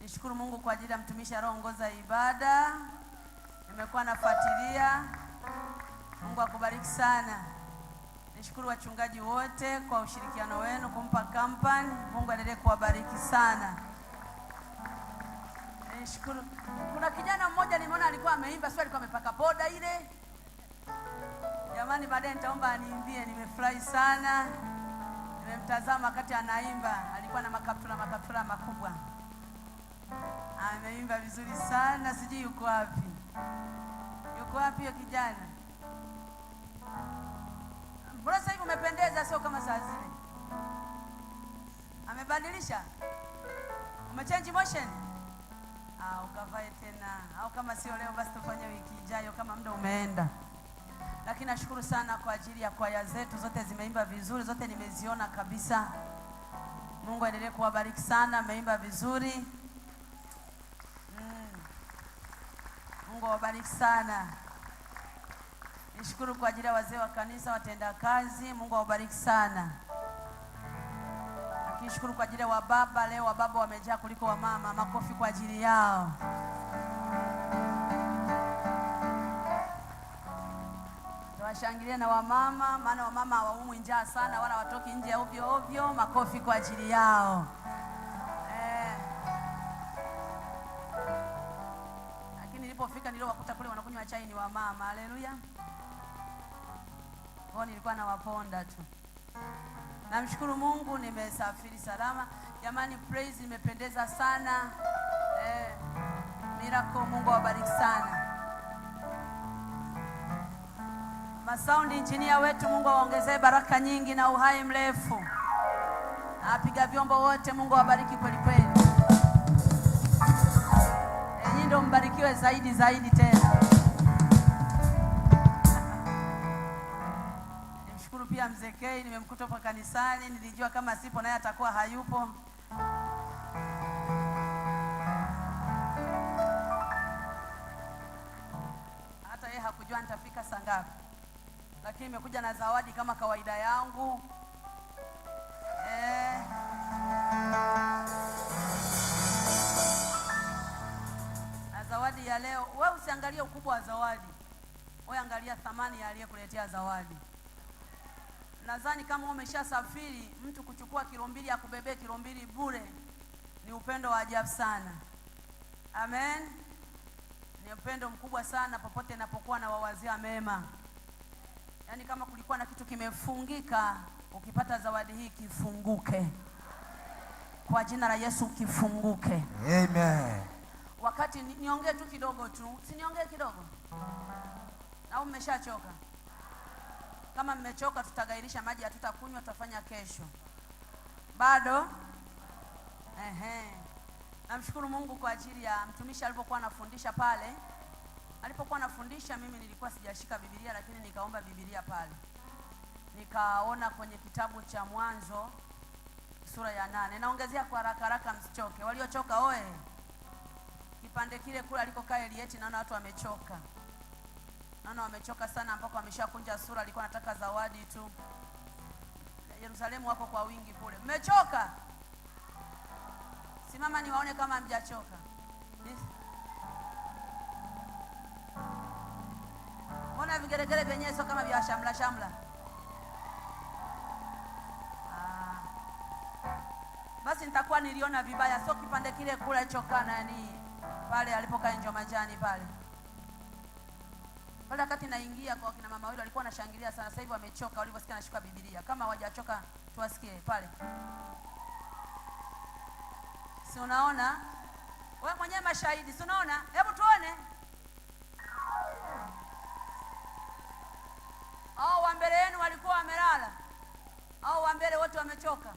Nishukuru Mungu kwa ajili ya mtumishi aliyeongoza ibada, nimekuwa nafuatilia. Mungu akubariki sana. Nishukuru wachungaji wote kwa ushirikiano wenu kumpa kampani. Mungu aendelee kuwabariki sana. Nishukuru. Kuna kijana mmoja nimeona alikuwa ameimba, sio alikuwa amepaka poda ile. Jamani, baadaye nitaomba aniimbie. Nimefurahi sana, nimemtazama wakati anaimba, alikuwa na makaptula makaptula makubwa. Ameimba vizuri sana, sijui yuko wapi? Yuko wapi yo kijana? Mbona sasa hivi umependeza, sio kama saa zile? Amebadilisha, umechange motion au ah, ukavae tena, au kama sio leo basi tufanye wiki ijayo, kama muda umeenda. Lakini nashukuru sana kwa ajili ya kwaya zetu, zote zimeimba vizuri, zote nimeziona kabisa. Mungu aendelee kuwabariki sana, ameimba vizuri. Mungu awabariki sana. Nishukuru kwa ajili ya wazee wa kanisa, watenda kazi, Mungu awabariki sana. Nishukuru kwa ajili ya wababa, leo wababa wamejaa kuliko wamama. Makofi kwa ajili yao. Tuwashangilie na wamama, maana wamama hawaumwi njaa sana, wala watoki nje ovyo ovyo. Makofi kwa ajili yao. vile wakuta kule wanakunywa chai ni wamama. Haleluya! Kwao nilikuwa nawaponda tu. Namshukuru Mungu nimesafiri salama. Jamani, praise imependeza sana eh, Miracle, Mungu awabariki sana. Masaundi injinia wetu, Mungu awaongezee baraka nyingi na uhai mrefu. Apiga vyombo wote, Mungu awabariki kweli kweli ndio mbarikiwe zaidi zaidi tena. Nimshukuru pia mzee K, nimemkuta hapa kanisani, nilijua kama sipo naye atakuwa hayupo. Hata yeye hakujua nitafika saa ngapi, lakini nimekuja na zawadi kama kawaida yangu eh. zawadi ya leo, we usiangalie ukubwa wa zawadi, we angalia thamani ya aliyekuletea zawadi. Nadhani kama umeshasafiri, mtu kuchukua kilo mbili kubebea kilo mbili bure ni upendo wa ajabu sana. Amen, ni upendo mkubwa sana popote napokuwa na wawazia mema. Yaani kama kulikuwa na kitu kimefungika, ukipata zawadi hii kifunguke kwa jina la Yesu, kifunguke. Amen wakati niongee tu kidogo tu, si kidogo au mmeshachoka? Kama mmechoka, tutagairisha maji, hatutakunywa, tutafanya kesho. Bado ehe. Namshukuru Mungu kwa ajili ya mtumishi alipokuwa anafundisha pale, alipokuwa anafundisha, mimi nilikuwa sijashika Biblia, lakini nikaomba Biblia pale, nikaona kwenye kitabu cha Mwanzo sura ya nane. Naongezea kwa haraka haraka, msichoke. Waliochoka oye kipande kile kule alikokaa Elieti, naona watu wamechoka, naona wamechoka sana, ambako wameshakunja sura. Alikuwa anataka zawadi tu. Yerusalemu wako kwa wingi kule, mmechoka. Simama niwaone kama mjachoka Mbona vigeregere vyenyewe sio kama vya shamla shamla? Ah. Basi nitakuwa niliona vibaya, sio kipande kile kule alichokaa nani pale alipokaa nje majani pale pale, wakati naingia kwa kina mama wawili walikuwa wanashangilia sana. Sasa hivi wamechoka, walivyosikia nashuka Biblia. Kama hawajachoka tuwasikie pale, si unaona wewe mwenyewe mashahidi, si unaona? Hebu tuone au wa mbele yenu walikuwa wamelala au wa mbele wote wamechoka?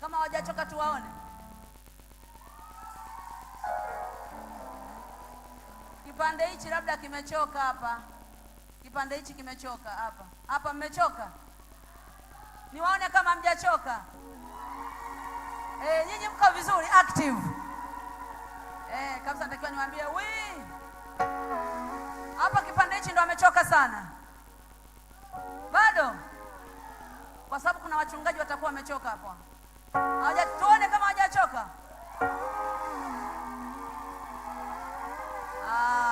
Kama hawajachoka tuwaone. Kipande hichi labda kimechoka hapa, kipande hichi kimechoka hapa hapa. Mmechoka? Niwaone kama mjachoka. E, nyinyi mko vizuri, active e, kabisa. Natakiwa niwaambie wi hapa, kipande hichi ndo amechoka sana, bado kwa sababu kuna wachungaji watakuwa wamechoka hapo. Tuone kama hawajachoka.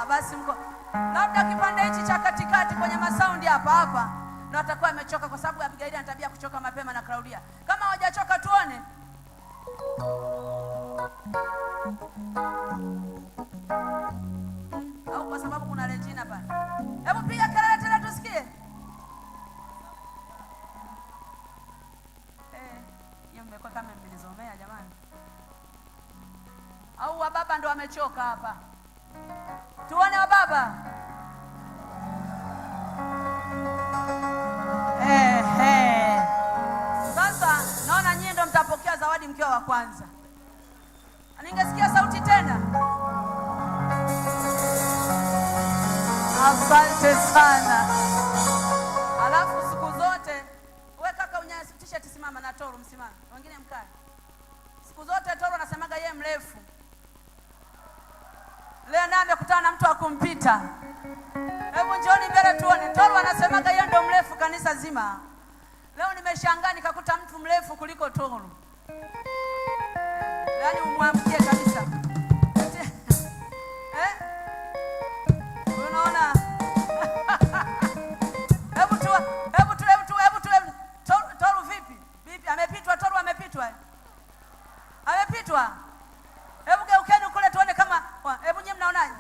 basi mko labda kipande hichi cha katikati kwenye masaundi hapa hapa, na atakuwa amechoka, kwa sababu Abigaili ana tabia kuchoka mapema na Claudia. Kama hawajachoka tuone. Au kwa sababu kuna Regina pale. Hebu piga kelele tena tusikie. Eh, mmekuwa kama jamani. Au wababa ndo wamechoka hapa. kwanza. Ningesikia sauti tena. Asante sana. Alafu siku zote wewe kaka unyasi t-shirt simama na Toro msimama. Wengine mkae. Siku zote Toro anasemaga yeye mrefu. Leo naye amekutana na mtu akumpita. Hebu njoni mbele tuone. Toro anasemaga yeye ndio mrefu kanisa zima. Leo nimeshangaa nikakuta mtu mrefu kuliko Toro yaani kabisa eh? Unaona, hebu tu hebu tu hebu tu hebu tu Toru, vipi vipi, amepitwa Toru, amepitwa amepitwa. Hebu geukeni kule tuone kama, hebu nyinyi mnaonaje?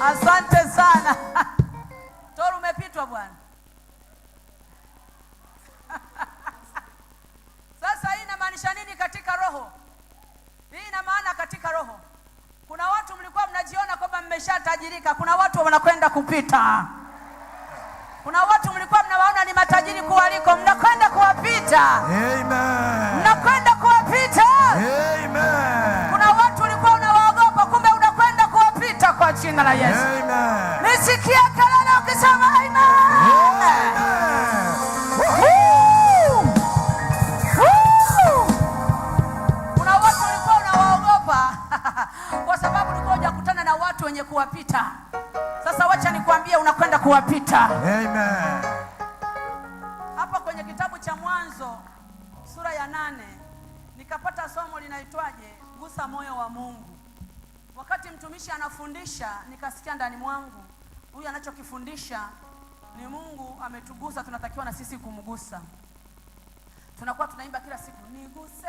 Asante sana. Inamaanisha nini katika roho? Hii ina maana katika roho. Kuna watu mlikuwa mnajiona kwamba mmeshatajirika, kuna watu wanakwenda kupita. Kuna watu mlikuwa mnawaona ni matajiri kuwaliko, mnakwenda kuwapita. Amen. Mnakwenda kuwapita. Amen. Kuna watu ulikuwa unawaogopa, kumbe unakwenda kuwapita kwa jina la Yesu. Amen. Nisikia kelele ukisema amen. Amen. watu wenye kuwapita. Sasa wacha nikwambie, unakwenda kuwapita. Amen. Hapa kwenye kitabu cha Mwanzo sura ya nane nikapata somo linaitwaje, gusa moyo wa Mungu. Wakati mtumishi anafundisha, nikasikia ndani mwangu, huyu anachokifundisha ni Mungu ametugusa, tunatakiwa na sisi kumgusa. Tunakuwa tunaimba kila siku, niguse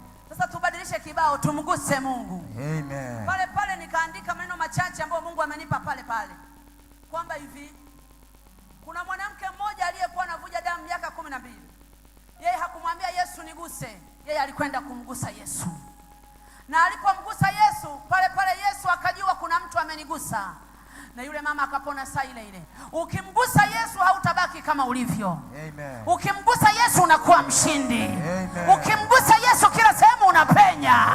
nibadilishe kibao, tumguse Mungu. Amen. Pale pale nikaandika maneno machache ambayo Mungu amenipa pale pale kwamba hivi kuna mwanamke mmoja aliyekuwa anavuja damu miaka kumi na mbili. Yeye hakumwambia Yesu niguse, yeye alikwenda kumgusa Yesu, na alipomgusa Yesu pale pale Yesu akajua kuna mtu amenigusa, na yule mama akapona saa ile ile. Ukimgusa Yesu hautabaki kama ulivyo. Amen. Ukimgusa Yesu unakuwa mshindi. Amen. Ukimgusa Yesu kila unapenya.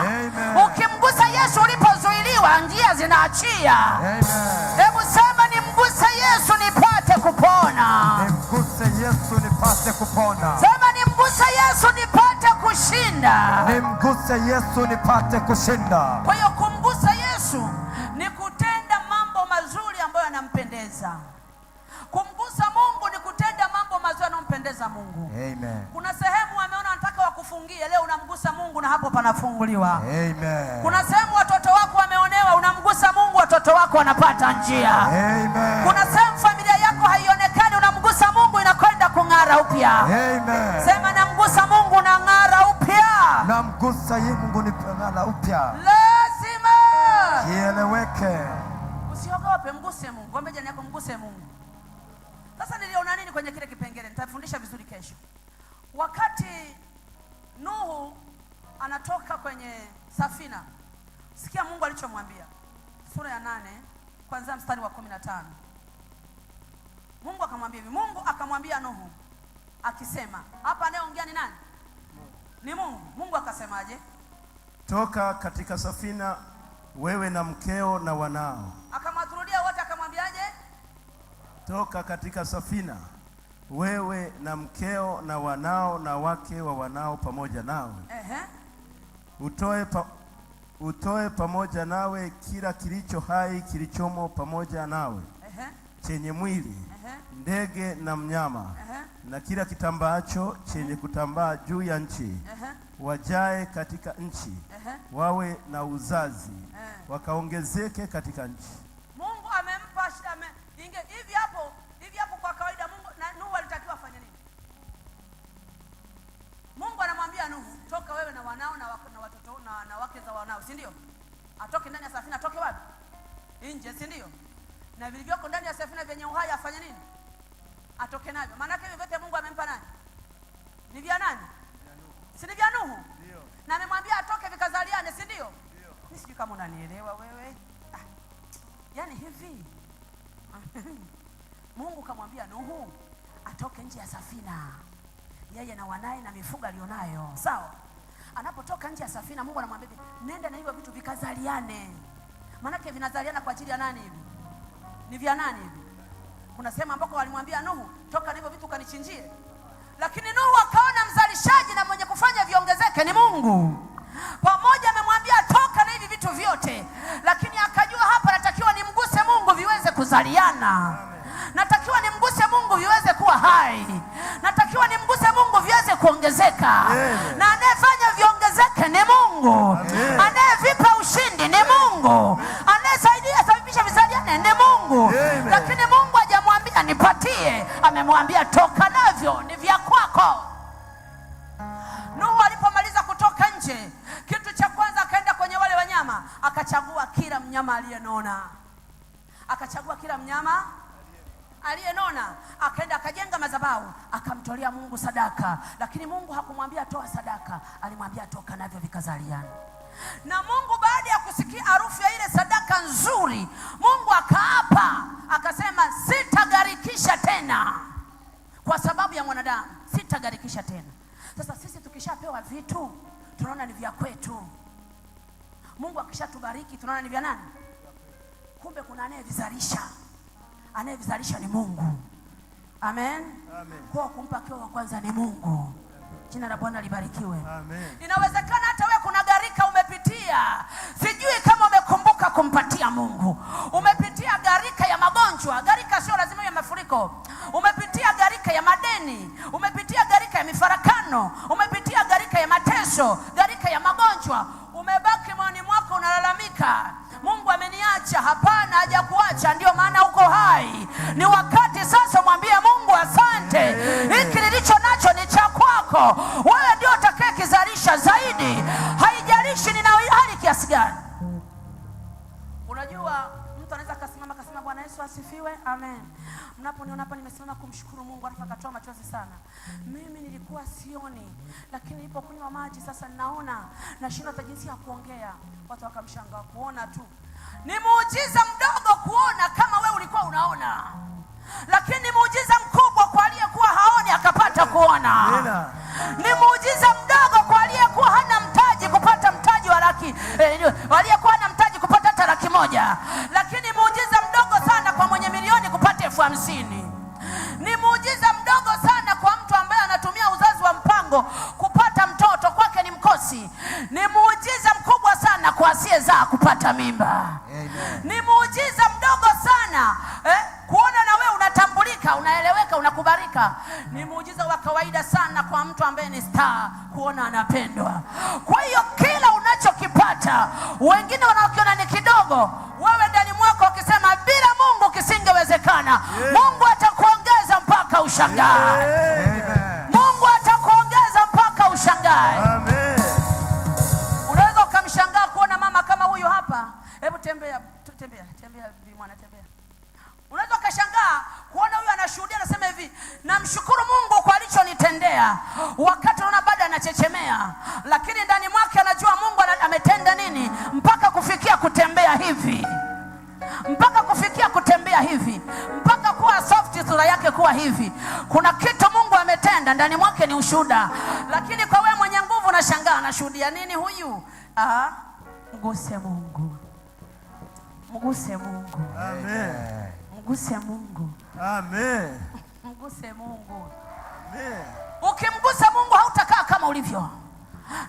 Ukimgusa Yesu ulipozuiliwa, njia zinaachia. Hebu sema, nimguse Yesu nipate kupona. Nimguse Yesu nipate kupona. Sema, nimguse Yesu nipate kushinda. Nimguse Yesu nipate kushinda. Kwa hiyo amebarikiwa. Amen. Kuna sehemu watoto wako wameonewa, unamgusa Mungu, watoto wako wanapata njia. Amen. Kuna sehemu familia yako haionekani, unamgusa Mungu, inakwenda kung'ara upya. Amen. Sema namgusa Mungu, nang'ara upya. Namgusa yeye Mungu, nipang'ara upya. Lazima kieleweke. Usiogope, mguse Mungu. Ombe jirani yako, mguse Mungu. Sasa niliona nini kwenye kile kipengele? Nitafundisha vizuri kesho. Wakati Nuhu anatoka kwenye safina. Sikia Mungu alichomwambia, sura ya nane kuanzia mstari wa kumi na tano. Mungu akamwambia hivi, Mungu akamwambia Nuhu akisema. Hapa anayeongea ni nani? Ni Mungu. Mungu akasemaje? Toka katika safina wewe na mkeo na wanao. akamwadhurudia wote, akamwambiaje? Toka katika safina wewe na mkeo na wanao na wake wa wanao pamoja nao Ehe utoe, pa, utoe pamoja nawe kila kilicho hai kilichomo pamoja nawe uh -huh. chenye mwili uh -huh. ndege na mnyama uh -huh. na kila kitambaacho chenye kutambaa juu ya nchi uh -huh. wajae katika nchi uh -huh. wawe na uzazi uh -huh. wakaongezeke katika nchi. si ndio? Atoke ndani ya safina, atoke wapi? Nje, si ndio? Na vilivyoko ndani ya safina vyenye uhai afanye nini? Atoke navyo. Maana yake vyote Mungu amempa nani? Ni vya nani? Si ni vya Nuhu? Ndio. Na amemwambia atoke vikazaliane, si ndio? Mimi sijui kama unanielewa wewe. Ah. Yaani hivi Mungu kamwambia Nuhu atoke nje ya safina, yeye na wanaye na mifugo alionayo, sawa anapotoka nje ya safina, Mungu anamwambia nenda na hivyo vitu vikazaliane. Maanake vinazaliana kwa ajili ya nani? Hivi ni vya nani? Hivi kuna sehemu ambako walimwambia Nuhu, toka na hivyo vitu kanichinjie, lakini Nuhu akaona mzalishaji na mwenye kufanya viongezeke ni Mungu. Pamoja amemwambia toka na hivi vitu vyote, lakini akajua hapa natakiwa nimguse Mungu viweze kuzaliana, natakiwa nimguse Mungu viweze kuwa hai, natakiwa ni vitaongezeka na anayefanya viongezeke ni Mungu, anayevipa ushindi ni Mungu, anayesaidia sababisha vizaliane ni Mungu. Lakini Mungu hajamwambia nipatie, amemwambia toka navyo Mungu sadaka, lakini Mungu hakumwambia toa sadaka, alimwambia toka navyo vikazaliana. Na Mungu baada ya kusikia harufu ya ile sadaka nzuri, Mungu akaapa akasema, sitagarikisha tena kwa sababu ya mwanadamu, sitagarikisha tena. Sasa sisi tukishapewa vitu tunaona ni vya kwetu. Mungu akishatubariki tunaona ni vya nani? Kumbe kuna anayevizalisha, anayevizalisha ni Mungu. Amen. Amen. Kwa kumpa kio wa kwanza ni Mungu. Jina la Bwana libarikiwe. Amen. Inawezekana hata wewe kuna gharika umepitia. Sijui kama umekumbuka kumpatia Mungu. Umepitia gharika ya magonjwa, gharika sio lazima ya mafuriko. Umepitia gharika ya madeni, umepitia gharika ya mifarakano, umepitia gharika ya mateso, gharika ya magonjwa. Umebaki moyoni mwako unalalamika. Mungu ameniacha. Hapana, hajakuacha, ndio maana uko hai. Ni wakati sasa mwambie yako, wewe ndio utakaye kizalisha zaidi, haijalishi nina hali kiasi gani. Unajua mtu anaweza akasimama akasema, Bwana Yesu asifiwe, amen. Mnaponiona hapa nimesimama kumshukuru Mungu, alafu akatoa machozi sana. Mimi nilikuwa sioni, lakini kunywa maji sasa ninaona, nashindwa hata jinsi ya kuongea. Watu wakamshangaa kuona tu ni muujiza mdogo kuona kama wewe ulikuwa unaona, lakini muujiza mkubwa kwa aliyekuwa haoni akapata kuona. Ni muujiza mdogo kwa aliyekuwa hana mtaji kupata mtaji wa laki eh, aliyekuwa hana mtaji kupata hata laki moja, lakini muujiza mdogo sana kwa mwenye milioni kupata elfu hamsini. Ni muujiza mdogo sana kwa mtu ambaye anatumia uzazi wa mpango kupata mtoto, kwake ni mkosi. Ni muujiza mkubwa sana kwa asiyezaa kupata mimba. Amen. Ni muujiza mdogo sana eh, unateseka unakubalika. Ni muujiza wa kawaida sana kwa mtu ambaye ni star kuona anapendwa. Kwa hiyo kila unachokipata wengine wanakiona ni kidogo, wewe ndani mwako ukisema bila Mungu kisingewezekana, yeah. Mungu atakuongeza mpaka ushangae, yeah. Mungu atakuongeza mpaka ushangae, amen. Unaweza ukamshangaa kuona mama kama huyu hapa, hebu tembea Namshukuru Mungu kwa alichonitendea. Wakati unaona bado anachechemea, lakini ndani mwake anajua Mungu ametenda nini mpaka kufikia kutembea hivi, mpaka kufikia kutembea hivi, mpaka kuwa soft, sura yake kuwa hivi. Kuna kitu Mungu ametenda ndani mwake, ni ushuda Lakini kwa wewe mwenye nguvu, unashangaa anashuhudia nini huyu? Aha, mguse Mungu, mguse Mungu, Amen. mguse Mungu, Amen umguse Mungu. Amen. Ukimgusa Mungu hautakaa kama ulivyo,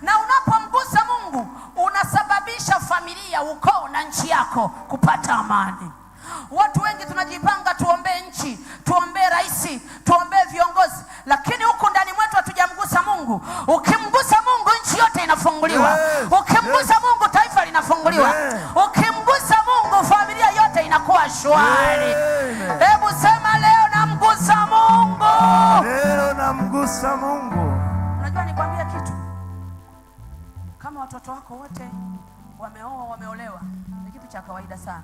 na unapomgusa Mungu unasababisha familia, ukoo na nchi yako kupata amani. Watu wengi tunajipanga tuombee nchi, tuombee rais, tuombee viongozi, lakini huku ndani mwetu hatujamgusa Mungu. Ukimgusa Mungu nchi yote inafunguliwa. Yes. Ukimgusa yes. Mungu taifa linafunguliwa. Yes. Ukimgusa Mungu familia yote inakuwa shwari. Yes. watoto wako wote wameoa wameolewa, ni kitu cha kawaida sana,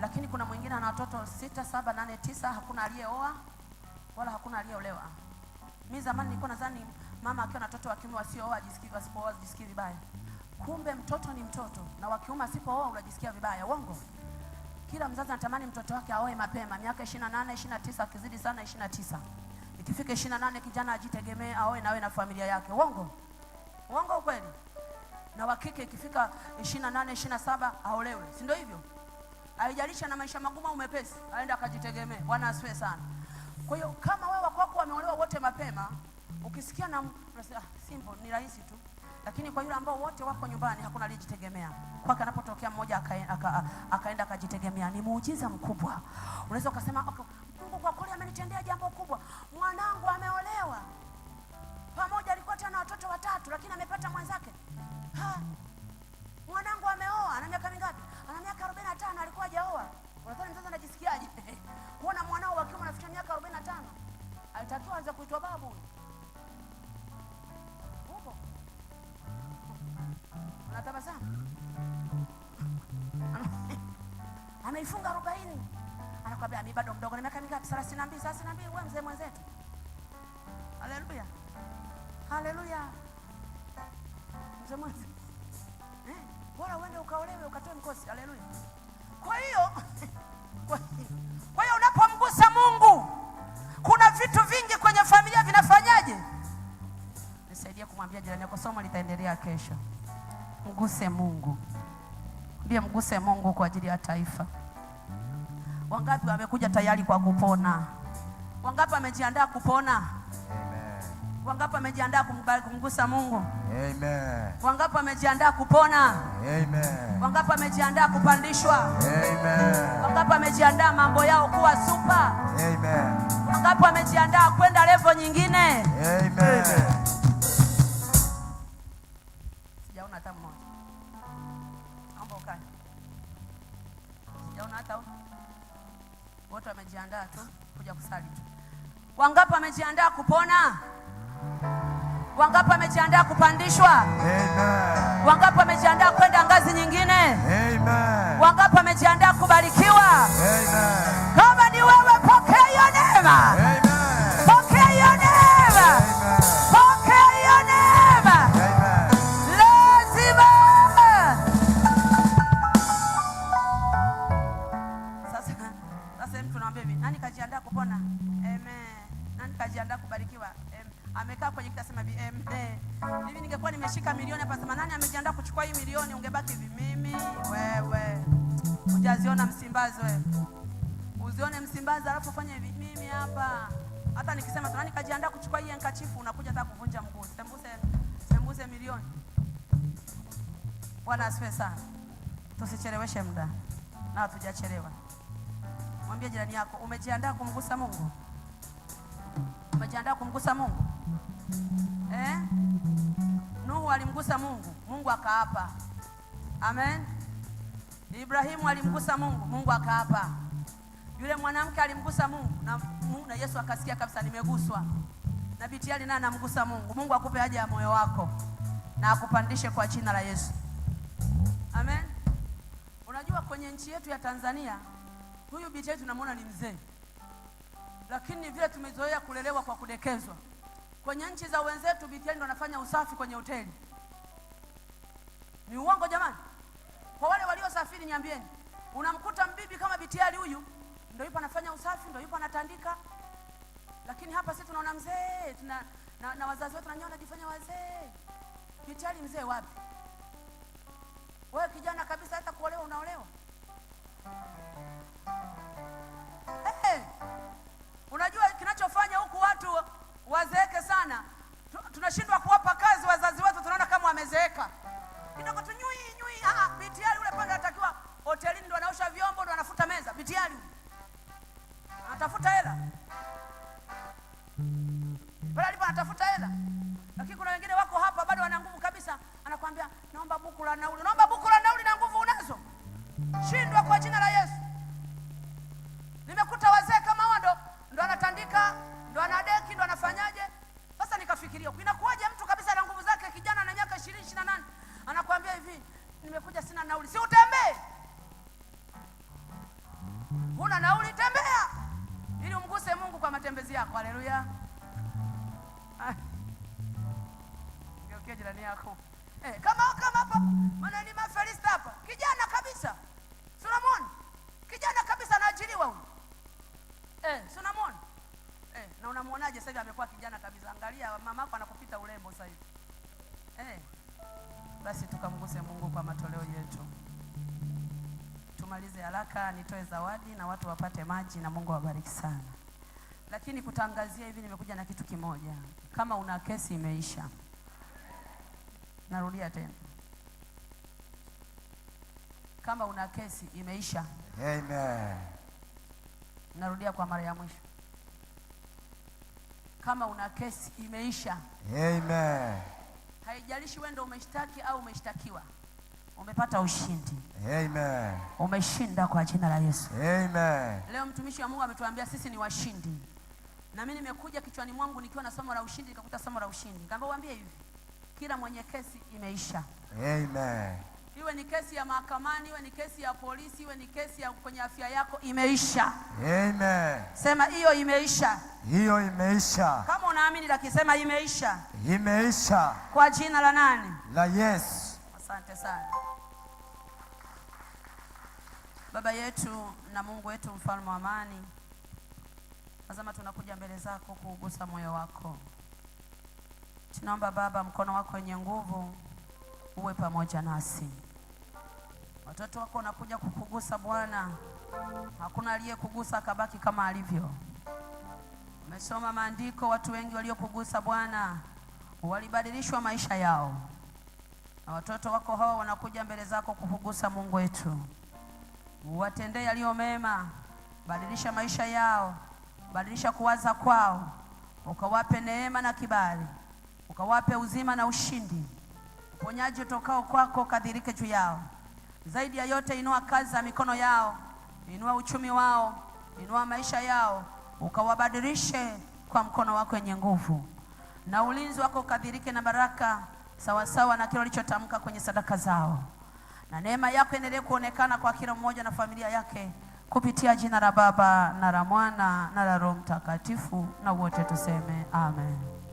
lakini kuna mwingine ana watoto sita, saba, nane, tisa, hakuna aliyeoa wala hakuna aliyeolewa. Mimi zamani nilikuwa nadhani mama akiwa na watoto wa kiume wasioa ajisikii, wasipooa ajisikii vibaya. Kumbe mtoto ni mtoto, na wa kiume asipooa unajisikia vibaya. Uongo? Kila mzazi anatamani mtoto wake aoe mapema, miaka 28, 29, akizidi sana 29. Ikifika 28 kijana ajitegemee, aoe na awe na familia yake. Uongo? Uongo, ukweli? na wa kike ikifika 28 27 aolewe, si ndio hivyo? Haijalisha na maisha magumu au mepesi, aenda akajitegemee. Bwana asifiwe sana. Kwa hiyo kama wewe wako wameolewa wote mapema, ukisikia na unasema ah, simple ni rahisi tu, lakini kwa yule ambao wote wako nyumbani hakuna alijitegemea kwake, anapotokea mmoja akaenda aka, aka, akajitegemea, ni muujiza mkubwa. Unaweza ukasema okay, Mungu kwa kweli amenitendea jambo kubwa, mwanangu ameolewa, pamoja alikuwa tena watoto watatu, lakini amepata mwenzake mwanangu ameoa, ana miaka mingapi? Ana miaka 45, alikuwa hajaoa. Unadhani mzazi anajisikiaje? Kuona mwanao wakiwa anafikia miaka 45, alitakiwa anza kuitwa babu. Upo unatabasamu, anaifunga 40, anakwambia mimi bado mdogo, na miaka mingapi? 32, 32. Wewe mzee mwenzetu. Haleluya, haleluya, mzee mwenzetu bora uende ukaolewe ukatoe mkosi. Haleluya! Kwa hiyo kwa hiyo unapomgusa Mungu, kuna vitu vingi kwenye familia vinafanyaje? Nisaidia kumwambia jirani yako, somo litaendelea kesho. Mguse Mungu, ndiye mguse Mungu kwa ajili ya taifa. Wangapi wamekuja tayari kwa kupona? Wangapi wamejiandaa kupona? Wangapi wamejiandaa kumgusa Mungu? Amen. Wangapi wamejiandaa kupona? Amen. Wangapi wamejiandaa kupandishwa? Amen. Wangapi wamejiandaa mambo yao kuwa super? Amen. Wangapi wamejiandaa kwenda level nyingine? Amen. Sijaona hata mmoja. Naomba ukae. Sijaona hata wote wamejiandaa tu kuja kusali tu. Wangapi wamejiandaa kupona? Wangapi wamejiandaa kupandishwa? Amen. Wangapi wamejiandaa kwenda ngazi nyingine? Amen. Wangapi wamejiandaa kubarikiwa? Amen. Kama ni wewe, pokea hiyo neema. Amen. Msimbazi wewe. Uzione Msimbazi alafu fanye hivi mimi hapa. Hata nikisema tunani kajiandaa kuchukua hii enkachifu unakuja hata kuvunja mguu. Sembuse sembuse milioni. Bwana asifiwe sana. Tusicheleweshe muda. Na hatujachelewa. Mwambie jirani yako umejiandaa kumgusa Mungu? Umejiandaa kumgusa Mungu? Eh? Nuhu alimgusa Mungu. Mungu akaapa. Amen. Ibrahimu alimgusa Mungu, Mungu akaapa. Yule mwanamke alimgusa Mungu na, na Yesu akasikia kabisa nimeguswa. Na binti yale naye anamgusa Mungu. Mungu akupe haja ya moyo wako na akupandishe kwa jina la Yesu. Amen. Unajua kwenye nchi yetu ya Tanzania huyu binti yetu tunamwona ni mzee, lakini vile tumezoea kulelewa kwa kudekezwa. Kwenye nchi za wenzetu binti ndo anafanya usafi kwenye hoteli. Ni uongo jamani? Kwa wale waliosafiri, niambieni, unamkuta mbibi kama bitiali huyu, ndio yupo anafanya usafi, ndio yupo anatandika, lakini hapa sisi tunaona mzee tuna, na, na wazazi wetu nanyewe wanajifanya wazee. Bitiali mzee wapi? Wewe kijana kabisa hata yako eh, kama kama hapa manani mafarista hapa, kijana kabisa Solomon. kijana kabisa anaajiriwa huyu eh, Solomon. eh, na unamuonaje sasa hivi amekuwa kijana kabisa? Angalia mamako anakupita urembo sasa hivi eh. Basi tukamguse Mungu kwa matoleo yetu, tumalize haraka, nitoe zawadi na watu wapate maji, na Mungu awabariki sana. Lakini kutangazia hivi, nimekuja na kitu kimoja, kama una kesi imeisha Narudia tena, kama una kesi imeisha. Amen. Narudia kwa mara ya mwisho, kama una kesi imeisha. Amen. Haijalishi wewe ndio umeshtaki au umeshtakiwa, umepata ushindi. Amen. Umeshinda kwa jina la Yesu. Amen. Leo mtumishi wa Mungu ametuambia sisi ni washindi, na mimi nimekuja kichwani mwangu nikiwa na somo la ushindi, nikakuta somo la ushindi, nikaambia uambie hivi kila mwenye kesi imeisha. Amen. Iwe ni kesi ya mahakamani, iwe ni kesi ya polisi, iwe ni kesi ya kwenye afya yako imeisha. Amen. Sema hiyo imeisha. Hiyo imeisha. Kama unaamini lakisema imeisha. Imeisha. Kwa jina la nani? La Yesu. Asante sana. Baba yetu na Mungu wetu, mfalme wa amani, tazama tunakuja mbele zako kuugusa moyo wako Tunaomba Baba, mkono wako wenye nguvu uwe pamoja nasi. Watoto wako wanakuja kukugusa Bwana, hakuna aliyekugusa akabaki kama alivyo. Umesoma maandiko, watu wengi waliokugusa Bwana walibadilishwa maisha yao, na watoto wako hao wanakuja mbele zako kukugusa. Mungu wetu, uwatendee yaliyo mema, badilisha maisha yao, badilisha kuwaza kwao, ukawape neema na kibali ukawape uzima na ushindi. Uponyaji utokao kwako kadhirike juu yao. Zaidi ya yote, inua kazi za mikono yao, inua uchumi wao, inua maisha yao, ukawabadilishe kwa mkono wako wenye nguvu, na ulinzi wako ukadhirike na baraka sawasawa na kile ulichotamka kwenye sadaka zao, na neema yako endelee kuonekana kwa kila mmoja na familia yake kupitia jina la Baba na la Mwana na la Roho Mtakatifu, na wote tuseme amen.